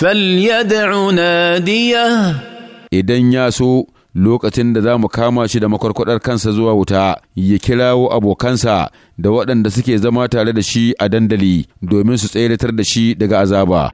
falyad'u nadiya idan ya so lokacin da za mu kama shi da makwarkwadar kansa zuwa wuta ya kirawo abokansa da waɗanda suke zama tare da shi a dandali domin su tseratar da shi daga azaba